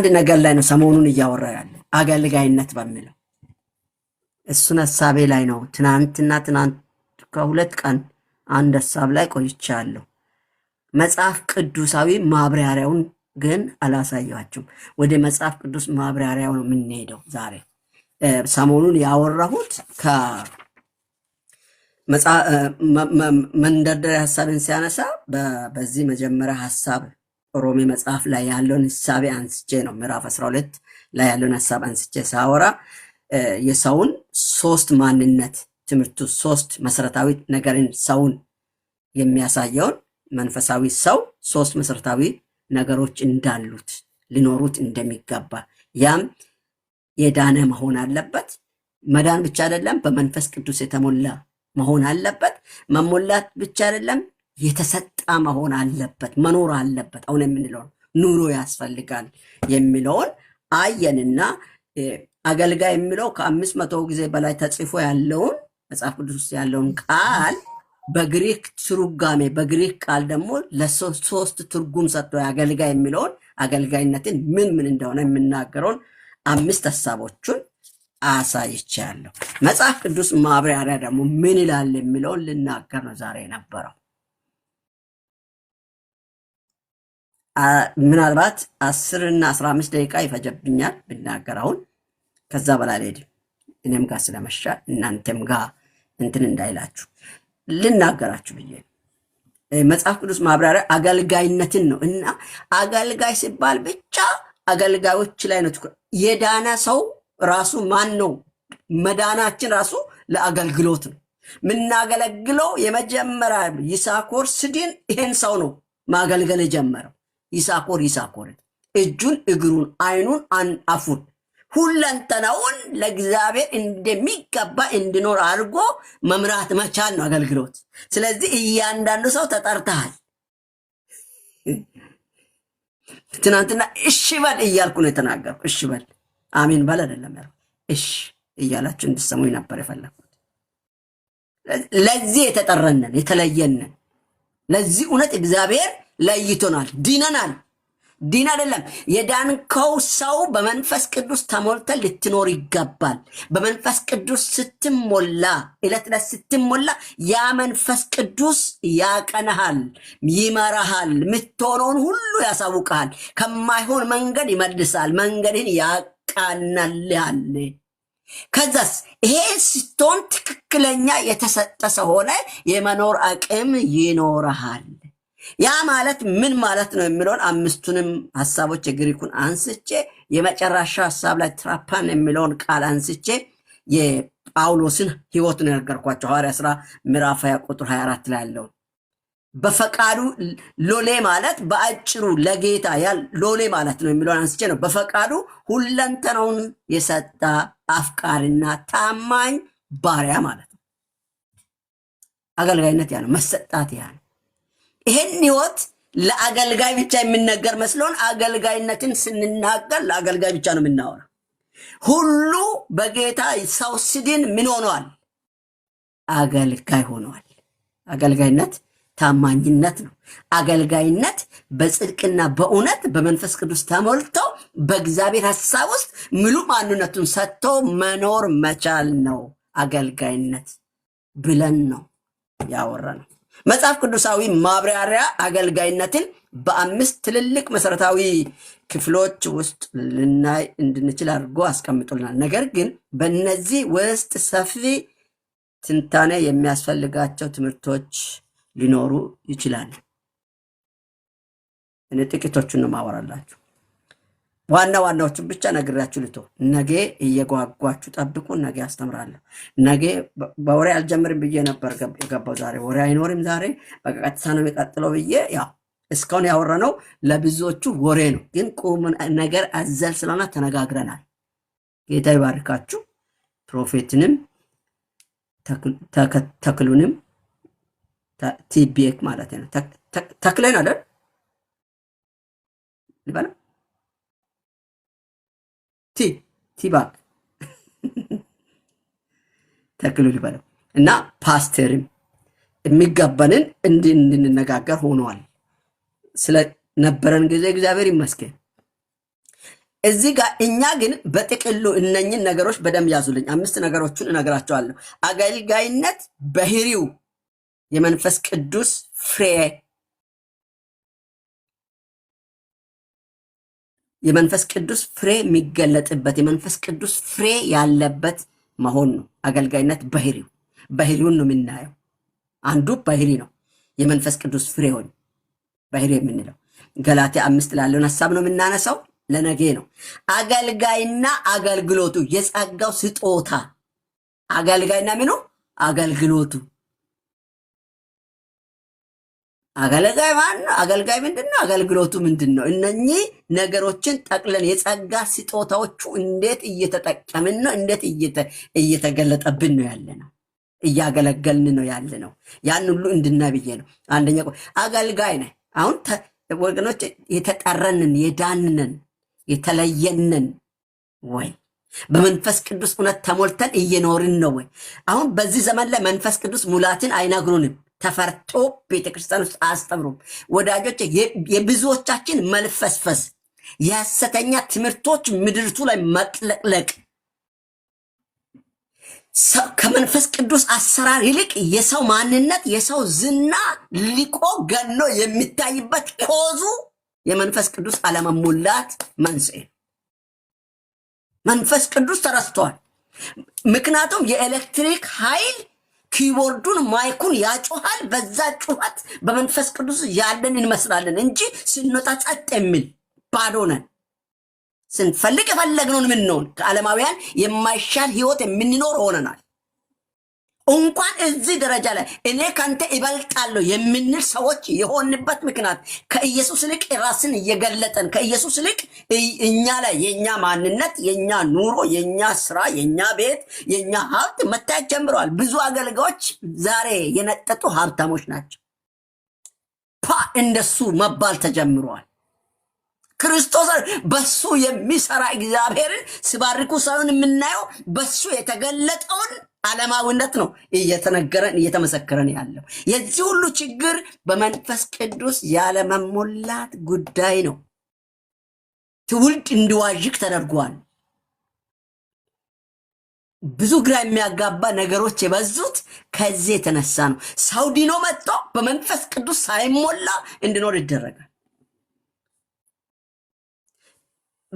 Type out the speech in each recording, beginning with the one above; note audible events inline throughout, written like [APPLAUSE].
አንድ ነገር ላይ ነው ሰሞኑን እያወራ ያለ አገልጋይነት በሚለው እሱን ሀሳቤ ላይ ነው። ትናንትና ትናንት ከሁለት ቀን አንድ ሀሳብ ላይ ቆይቻለሁ። መጽሐፍ ቅዱሳዊ ማብራሪያውን ግን አላሳያችሁም። ወደ መጽሐፍ ቅዱስ ማብራሪያው ነው የምንሄደው ዛሬ። ሰሞኑን ያወራሁት ከመንደርደሪያ ሀሳብን ሲያነሳ በዚህ መጀመሪያ ሀሳብ ሮሜ መጽሐፍ ላይ ያለውን ሀሳቤ አንስቼ ነው ምዕራፍ 12 ላይ ያለውን ሀሳብ አንስቼ ሳወራ የሰውን ሶስት ማንነት ትምህርቱ ሶስት መሰረታዊ ነገርን ሰውን የሚያሳየውን መንፈሳዊ ሰው ሶስት መሰረታዊ ነገሮች እንዳሉት ሊኖሩት እንደሚገባ ያም የዳነ መሆን አለበት። መዳን ብቻ አይደለም፣ በመንፈስ ቅዱስ የተሞላ መሆን አለበት። መሞላት ብቻ አይደለም፣ የተሰጠ መሆን አለበት መኖር አለበት። አሁን የምንለው ኑሮ ያስፈልጋል የሚለውን አየንና አገልጋይ የሚለው ከአምስት መቶ ጊዜ በላይ ተጽፎ ያለውን መጽሐፍ ቅዱስ ውስጥ ያለውን ቃል በግሪክ ትርጓሜ በግሪክ ቃል ደግሞ ለሶስት ትርጉም ሰጥቶ አገልጋይ የሚለውን አገልጋይነትን ምን ምን እንደሆነ የምናገረውን አምስት ሀሳቦቹን አሳይቻለሁ። መጽሐፍ ቅዱስ ማብራሪያ ደግሞ ምን ይላል የሚለውን ልናገር ነው ዛሬ የነበረው። ምናልባት አስር እና አስራ አምስት ደቂቃ ይፈጀብኛል ብናገር አሁን ከዛ በላይ አልሄድም። እኔም ጋር ስለመሻ እናንተም ጋር እንትን እንዳይላችሁ ልናገራችሁ ብዬ መጽሐፍ ቅዱስ ማብራሪያ አገልጋይነትን ነው እና አገልጋይ ሲባል ብቻ አገልጋዮች ላይ ነው የዳነ ሰው ራሱ ማን ነው? መዳናችን ራሱ ለአገልግሎት ነው የምናገለግለው። የመጀመሪያ ይሳኮር ስድን ይሄን ሰው ነው ማገልገል የጀመረው። ይሳኮር ይሳኮር እጁን፣ እግሩን፣ አይኑን፣ አፉን ሁለንተናውን ለእግዚአብሔር እንደሚገባ እንድኖር አድርጎ መምራት መቻል ነው አገልግሎት። ስለዚህ እያንዳንዱ ሰው ተጠርተሃል። ትናንትና እሺ በል እያልኩ ነው የተናገርኩ። እሺ በል አሜን በል አይደለም ያ እሺ እያላችሁ እንድሰሙኝ ነበር የፈለግኩት። ለዚህ የተጠረነን የተለየንን ለዚህ እውነት እግዚአብሔር ለይቶናል፣ ድነናል። ዲን አይደለም የዳንከው ሰው በመንፈስ ቅዱስ ተሞልተ ልትኖር ይገባል። በመንፈስ ቅዱስ ስትሞላ እለት እለት ስትሞላ ያ መንፈስ ቅዱስ ያቀናሃል፣ ይመራሃል፣ የምትሆነውን ሁሉ ያሳውቀሃል፣ ከማይሆን መንገድ ይመልሳል፣ መንገድህን ያቃናልሃል። ከዛስ ይሄ ስትሆን ትክክለኛ የተሰጠ ሰው ሆነ የመኖር አቅም ይኖረሃል። ያ ማለት ምን ማለት ነው የሚለውን አምስቱንም ሀሳቦች የግሪኩን አንስቼ የመጨረሻ ሀሳብ ላይ ትራፓን የሚለውን ቃል አንስቼ የጳውሎስን ሕይወቱን የነገርኳቸው ሐዋርያ ስራ ምዕራፍ 20 ቁጥር 24 ላይ ያለውን በፈቃዱ ሎሌ ማለት በአጭሩ ለጌታ ያል ሎሌ ማለት ነው የሚለውን አንስቼ ነው። በፈቃዱ ሁለንተናውን የሰጠ አፍቃሪና ታማኝ ባሪያ ማለት ነው። አገልጋይነት ያለው መሰጣት ያ ይሄን ህይወት ለአገልጋይ ብቻ የሚነገር መስሎን አገልጋይነትን ስንናገር ለአገልጋይ ብቻ ነው የምናወራ። ሁሉ በጌታ ሰው ሲድን ምን ሆነዋል? አገልጋይ ሆነዋል። አገልጋይነት ታማኝነት ነው። አገልጋይነት በጽድቅና በእውነት በመንፈስ ቅዱስ ተሞልቶ በእግዚአብሔር ሀሳብ ውስጥ ሙሉ ማንነቱን ሰጥቶ መኖር መቻል ነው አገልጋይነት ብለን ነው ያወራ ነው። መጽሐፍ ቅዱሳዊ ማብራሪያ አገልጋይነትን በአምስት ትልልቅ መሰረታዊ ክፍሎች ውስጥ ልናይ እንድንችል አድርጎ አስቀምጦልናል። ነገር ግን በእነዚህ ውስጥ ሰፊ ትንታኔ የሚያስፈልጋቸው ትምህርቶች ሊኖሩ ይችላል። እኔ ጥቂቶቹን ነው ማወራላችሁ። ዋና ዋናዎችን ብቻ ነግራችሁ ልቶ ነገ እየጓጓችሁ ጠብቁ። ነገ አስተምራለሁ። ነገ በወሬ አልጀምርም ብዬ ነበር የገባው። ዛሬ ወሬ አይኖርም። ዛሬ በቃ ነው የሚቀጥለው ብዬ ያው እስካሁን ያወራነው ለብዙዎቹ ወሬ ነው፣ ግን ቁም ነገር አዘል ስለሆነ ተነጋግረናል። ጌታ ይባርካችሁ። ፕሮፌትንም ተክሉንም ቲቢክ ማለት ነው ተክለን አለን ልበላ ቲ ባክ [LAUGHS] ተክሉ ልበለው እና ፓስተርም የሚጋባንን እንድንነጋገር ሆነዋል። ስለነበረን ጊዜ እግዚአብሔር ይመስገን። እዚህ ጋር እኛ ግን በጥቅሉ እነኝን ነገሮች በደንብ ያዙልኝ። አምስት ነገሮችን እነግራቸዋለሁ። አገልጋይነት በህሪው የመንፈስ ቅዱስ ፍሬ የመንፈስ ቅዱስ ፍሬ የሚገለጥበት የመንፈስ ቅዱስ ፍሬ ያለበት መሆን ነው። አገልጋይነት ባህሪው ባህሪውን ነው የምናየው። አንዱ ባህሪ ነው የመንፈስ ቅዱስ ፍሬውን ባህሪ የምንለው ገላትያ አምስት ላለውን ሀሳብ ነው የምናነሳው። ለነጌ ነው አገልጋይና አገልግሎቱ የጸጋው ስጦታ አገልጋይና ምኑ አገልግሎቱ አገልጋይ ማን ነው? አገልጋይ ምንድን ነው? አገልግሎቱ ምንድን ነው? እነኚህ ነገሮችን ጠቅለን የጸጋ ስጦታዎቹ እንዴት እየተጠቀምን ነው? እንዴት እየተገለጠብን ነው ያለ ነው? እያገለገልን ነው ያለ ነው? ያን ሁሉ እንድና ብዬ ነው። አንደኛ አገልጋይ ነ አሁን ወገኖች የተጠረንን የዳንንን የተለየንን ወይ በመንፈስ ቅዱስ እውነት ተሞልተን እየኖርን ነው ወይ? አሁን በዚህ ዘመን ላይ መንፈስ ቅዱስ ሙላትን አይነግሩንም። ተፈርቶ ቤተክርስቲያን ውስጥ አያስተምሩም። ወዳጆች፣ የብዙዎቻችን መልፈስፈስ የሐሰተኛ ትምህርቶች ምድርቱ ላይ መጥለቅለቅ ከመንፈስ ቅዱስ አሰራር ይልቅ የሰው ማንነት፣ የሰው ዝና ሊቆ ገኖ የሚታይበት ኮዙ የመንፈስ ቅዱስ አለመሞላት መንስኤ መንፈስ ቅዱስ ተረስቷል። ምክንያቱም የኤሌክትሪክ ኃይል ኪቦርዱን ማይኩን ያጮሃል። በዛ ጩኸት በመንፈስ ቅዱስ ያለን እንመስላለን እንጂ ስንወጣ ጸጥ የሚል ባዶ ነን። ስንፈልግ የፈለግነውን የምንሆን ከዓለማውያን የማይሻል ህይወት የምንኖር ሆነናል። እንኳን እዚህ ደረጃ ላይ እኔ ከአንተ ይበልጣለሁ የምንል ሰዎች የሆንበት ምክንያት ከኢየሱስ ይልቅ ራስን እየገለጠን ከኢየሱስ ይልቅ እኛ ላይ የእኛ ማንነት፣ የእኛ ኑሮ፣ የእኛ ስራ፣ የእኛ ቤት፣ የእኛ ሀብት መታየት ጀምረዋል። ብዙ አገልጋዮች ዛሬ የነጠጡ ሀብታሞች ናቸው። ፓ እንደሱ መባል ተጀምረዋል። ክርስቶስ በሱ የሚሰራ እግዚአብሔርን ሲባርኩ ሳይሆን የምናየው በሱ የተገለጠውን ዓለማዊነት ነው እየተነገረን እየተመሰከረን ያለው። የዚህ ሁሉ ችግር በመንፈስ ቅዱስ ያለመሞላት ጉዳይ ነው። ትውልድ እንዲዋዥቅ ተደርጓል። ብዙ ግራ የሚያጋባ ነገሮች የበዙት ከዚህ የተነሳ ነው። ሳውዲኖ መጥቶ በመንፈስ ቅዱስ ሳይሞላ እንዲኖር ይደረጋል።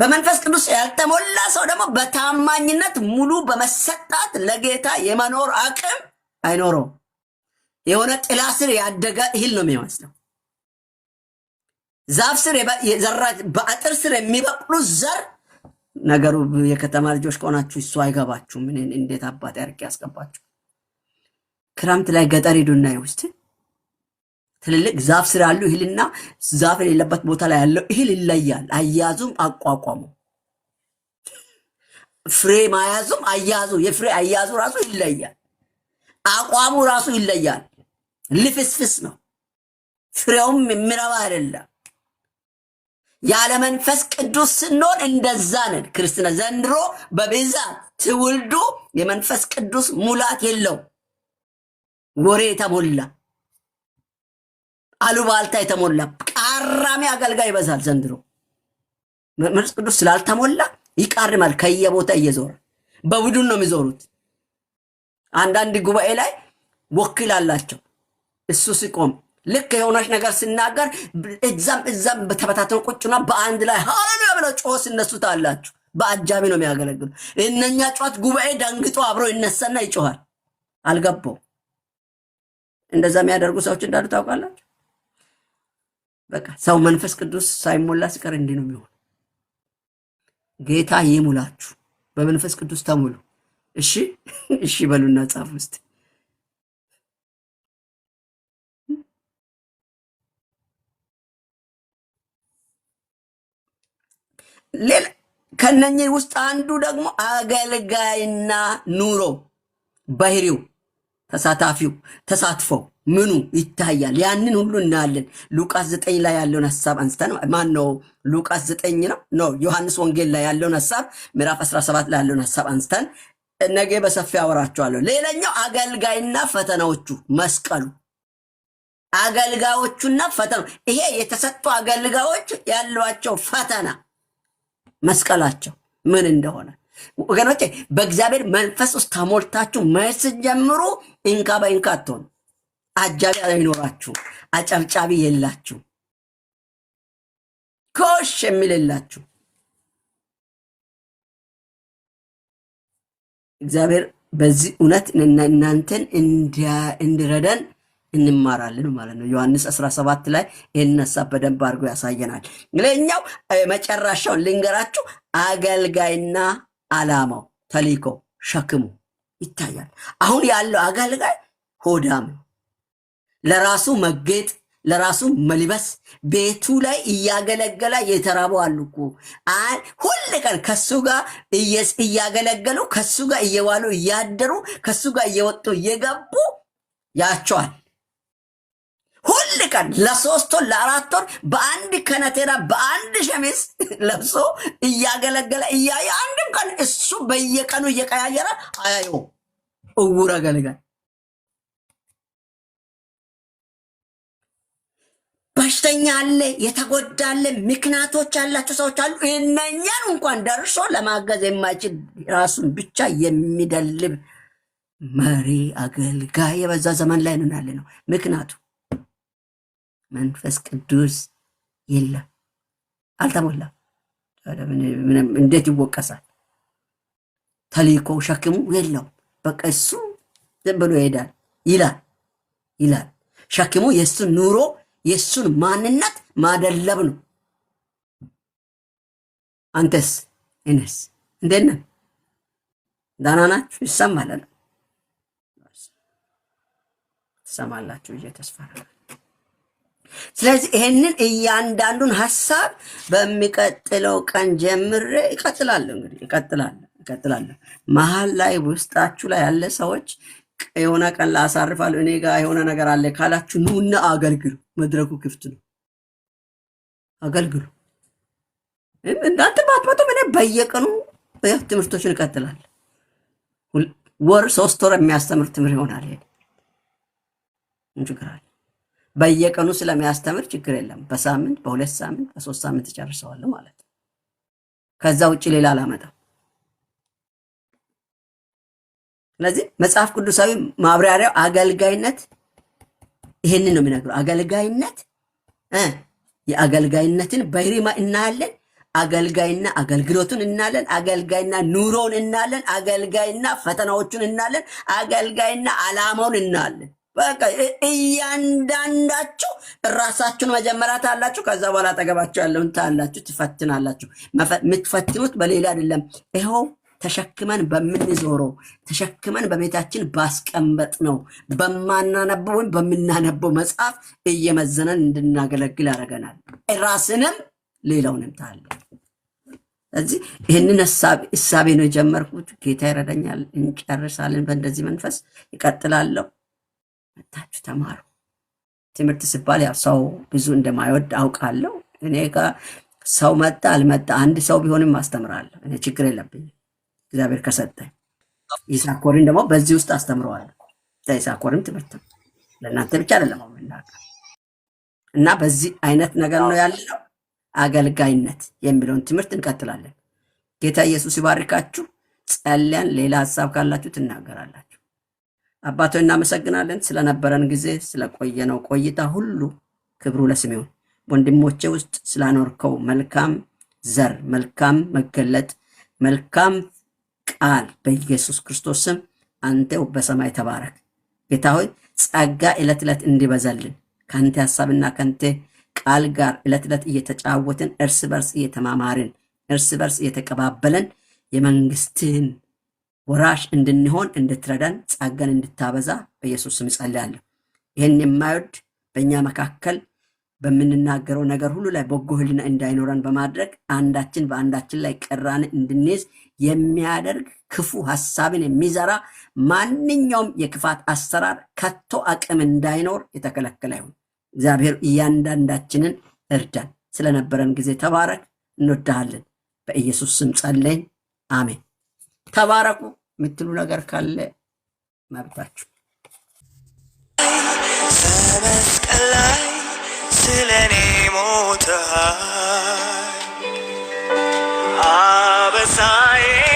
በመንፈስ ቅዱስ ያልተሞላ ሰው ደግሞ በታማኝነት ሙሉ በመሰጣት ለጌታ የመኖር አቅም አይኖረውም። የሆነ ጥላ ስር ያደገ እህል ነው የሚመስለው። ዛፍ ስር የዘራ በአጥር ስር የሚበቅሉ ዘር ነገሩ የከተማ ልጆች ከሆናችሁ እሱ አይገባችሁም። እንዴት አባት ያርቅ ያስገባችሁ። ክረምት ላይ ገጠር ሄዱና ይውስትን ትልልቅ ዛፍ ስር ያሉ እህልና ዛፍ የሌለበት ቦታ ላይ ያለው እህል ይለያል። አያዙም አቋቋሙ ፍሬ ማያዙም አያዙ የፍሬ አያዙ ራሱ ይለያል። አቋሙ ራሱ ይለያል። ልፍስፍስ ነው። ፍሬውም የሚረባ አይደለም። ያለ መንፈስ ቅዱስ ስንሆን እንደዛ ነን። ክርስትና ዘንድሮ በብዛት ትውልዱ የመንፈስ ቅዱስ ሙላት የለው ወሬ የተሞላ አሉባልታ የተሞላ ቃራሚ አገልጋይ ይበዛል ዘንድሮ። መንፈስ ቅዱስ ስላልተሞላ ይቃርማል። ከየቦታ እየዞረ በቡድን ነው የሚዞሩት። አንዳንድ ጉባኤ ላይ ወኪል አላቸው። እሱ ሲቆም ልክ የሆነች ነገር ሲናገር እዛም እዛም በተበታተኑ ቁጭና በአንድ ላይ ሃሌሉያ ብለው ጮሆ ሲነሱ ታላችሁ። በአጃቢ ነው የሚያገለግሉ። እነኛ ጨዋት ጉባኤ ደንግጦ አብሮ ይነሳና ይጮኋል። አልገባው እንደዛ የሚያደርጉ ሰዎች እንዳሉ ታውቃላችሁ። በቃ ሰው መንፈስ ቅዱስ ሳይሞላ ሲቀር እንዲህ ነው የሚሆን። ጌታ ይሙላችሁ፣ በመንፈስ ቅዱስ ተሙሉ። እሺ [LAUGHS] እሺ በሉና ጻፉ ውስጥ ሌላ ከነኚህ ውስጥ አንዱ ደግሞ አገልጋይና ኑሮ ባህሪው ተሳታፊው ተሳትፎው ምኑ ይታያል? ያንን ሁሉ እናያለን። ሉቃስ ዘጠኝ ላይ ያለውን ሀሳብ አንስተን ማን ነው ሉቃስ ዘጠኝ ነው ኖ ዮሐንስ ወንጌል ላይ ያለውን ሀሳብ ምዕራፍ 17 ላይ ያለውን ሀሳብ አንስተን ነገ በሰፊ አወራቸዋለሁ። ሌላኛው አገልጋይና ፈተናዎቹ መስቀሉ አገልጋዮቹና ፈተና ይሄ የተሰጡ አገልጋዮች ያሏቸው ፈተና መስቀላቸው ምን እንደሆነ ወገኖቼ፣ በእግዚአብሔር መንፈስ ውስጥ ተሞልታችሁ መስ ጀምሩ። እንካ በእንካ አትሆኑ። አጃቢ አይኖራችሁ፣ አጨብጫቢ የላችሁ፣ ኮሽ የሚል የላችሁ። እግዚአብሔር በዚህ እውነት እናንተን እንዲረዳን እንማራለን ማለት ነው። ዮሐንስ 17 ላይ ይህን ሀሳብ በደንብ አድርጎ ያሳየናል። ለኛው መጨረሻውን ልንገራችሁ፣ አገልጋይና አላማው ተልእኮ ሸክሙ ይታያል። አሁን ያለው አገልጋይ ሆዳም ነው። ለራሱ መጌጥ ለራሱ መልበስ ቤቱ ላይ እያገለገለ የተራቡ አሉ እኮ ሁል ቀን ከሱ ጋር እያገለገሉ ከሱ ጋር እየዋሉ እያደሩ ከሱ ጋር እየወጡ እየገቡ ያቸዋል። ሁል ቀን ለሶስት ወር ለአራት ወር በአንድ ከነቴራ በአንድ ሸሚዝ [LAUGHS] ለብሶ እያገለገለ እያየ አንድም ቀን እሱ በየቀኑ እየቀያየረ አያየው እውር አገልጋይ በሽተኛ አለ፣ የተጎዳ አለ፣ ምክንያቶች ያላቸው ሰዎች አሉ። እነኛን እንኳን ደርሶ ለማገዝ የማይችል ራሱን ብቻ የሚደልብ መሪ አገልጋይ የበዛ ዘመን ላይ እንሆናለ ነው። ምክንያቱ መንፈስ ቅዱስ የለም፣ አልተሞላም። እንዴት ይወቀሳል? ተልእኮ ሸክሙ የለውም። በቃ እሱ ዝም ብሎ ይሄዳል ይላል ይላል ሸክሙ የእሱ ኑሮ የእሱን ማንነት ማደለብ ነው። አንተስ እነስ እንዴት ነህ? ደህና ናችሁ? ይሰማል ትሰማላችሁ ብዬ ስለዚህ ይሄንን እያንዳንዱን ሀሳብ በሚቀጥለው ቀን ጀምሬ ይቀጥላለሁ። እንግዲህ ይቀጥላለሁ ይቀጥላለሁ። መሀል ላይ ውስጣችሁ ላይ ያለ ሰዎች የሆነ ቀን ላሳርፋለሁ እኔ ጋር የሆነ ነገር አለ ካላችሁ ኑና አገልግሉ። መድረኩ ክፍት ነው። አገልግሉ። እናንተ ባትመጡም ምን በየቀኑ ትምህርቶችን ይቀጥላል። ወር ሶስት ወር የሚያስተምር ትምህር ይሆናል። ችግር አለ በየቀኑ ስለሚያስተምር ችግር የለም። በሳምንት በሁለት ሳምንት በሶስት ሳምንት ይጨርሰዋል ማለት ነው። ከዛ ውጭ ሌላ አላመጣም። ስለዚህ መጽሐፍ ቅዱሳዊ ማብራሪያው አገልጋይነት ይሄንን ነው የሚነግረው። አገልጋይነት የአገልጋይነትን በህሪማ እናያለን። አገልጋይና አገልግሎቱን እናለን። አገልጋይና ኑሮውን እናለን። አገልጋይና ፈተናዎቹን እናለን። አገልጋይና አላማውን እናለን። በቃ እያንዳንዳችሁ ራሳችሁን መጀመሪያ ታላችሁ፣ ከዛ በኋላ አጠገባችሁ ያለውን ታላችሁ፣ ትፈትናላችሁ። የምትፈትኑት በሌላ አይደለም። ይኸው ተሸክመን በምንዞረው ተሸክመን በቤታችን ባስቀመጥ ነው በማናነበው ወይም በምናነበው መጽሐፍ እየመዘነን እንድናገለግል ያደርገናል። ራስንም ሌላውንም ታለ ስለዚህ ይህንን እሳቤ ነው የጀመርኩት። ጌታ ይረዳኛል። እንጨርሳለን። በእንደዚህ መንፈስ ይቀጥላለሁ። መታችሁ ተማሩ። ትምህርት ሲባል ያው ሰው ብዙ እንደማይወድ አውቃለሁ። እኔ ጋር ሰው መጣ አልመጣ አንድ ሰው ቢሆንም አስተምራለሁ። እኔ ችግር የለብኝም። እግዚአብሔር ከሰጠ ኢሳኮርን ደግሞ በዚህ ውስጥ አስተምረዋል። ኢሳኮርም ትምህርት ለእናንተ ብቻ አይደለም መናገር እና በዚህ አይነት ነገር ነው ያለው አገልጋይነት የሚለውን ትምህርት እንቀጥላለን። ጌታ ኢየሱስ ይባርካችሁ። ጸልያን፣ ሌላ ሀሳብ ካላችሁ ትናገራላችሁ። አባቶ እናመሰግናለን ስለነበረን ጊዜ ስለቆየነው ቆይታ ሁሉ ክብሩ ለስሜውን ወንድሞቼ ውስጥ ስላኖርከው መልካም ዘር፣ መልካም መገለጥ፣ መልካም ቃል በኢየሱስ ክርስቶስ ስም አንተው በሰማይ ተባረክ። ጌታ ሆይ ጸጋ ዕለት ዕለት እንዲበዛልን ከአንተ ሐሳብና ከአንተ ቃል ጋር ዕለት ዕለት እየተጫወትን እርስ በርስ እየተማማርን እርስ በርስ እየተቀባበለን የመንግስትን ወራሽ እንድንሆን እንድትረዳን ጸጋን እንድታበዛ በኢየሱስ ስም ጸልያለሁ። ይህን የማይወድ በእኛ መካከል በምንናገረው ነገር ሁሉ ላይ በጎ ሕሊና እንዳይኖረን በማድረግ አንዳችን በአንዳችን ላይ ቅራን እንድንይዝ የሚያደርግ ክፉ ሀሳብን የሚዘራ ማንኛውም የክፋት አሰራር ከቶ አቅም እንዳይኖር የተከለከለ ይሁን። እግዚአብሔር እያንዳንዳችንን እርዳን። ስለነበረን ጊዜ ተባረክ። እንወድሃለን። በኢየሱስ ስም ጸለይን። አሜን። ተባረኩ የምትሉ ነገር ካለ መብታችሁ። ስለኔ ሞተሃል አበሳዬ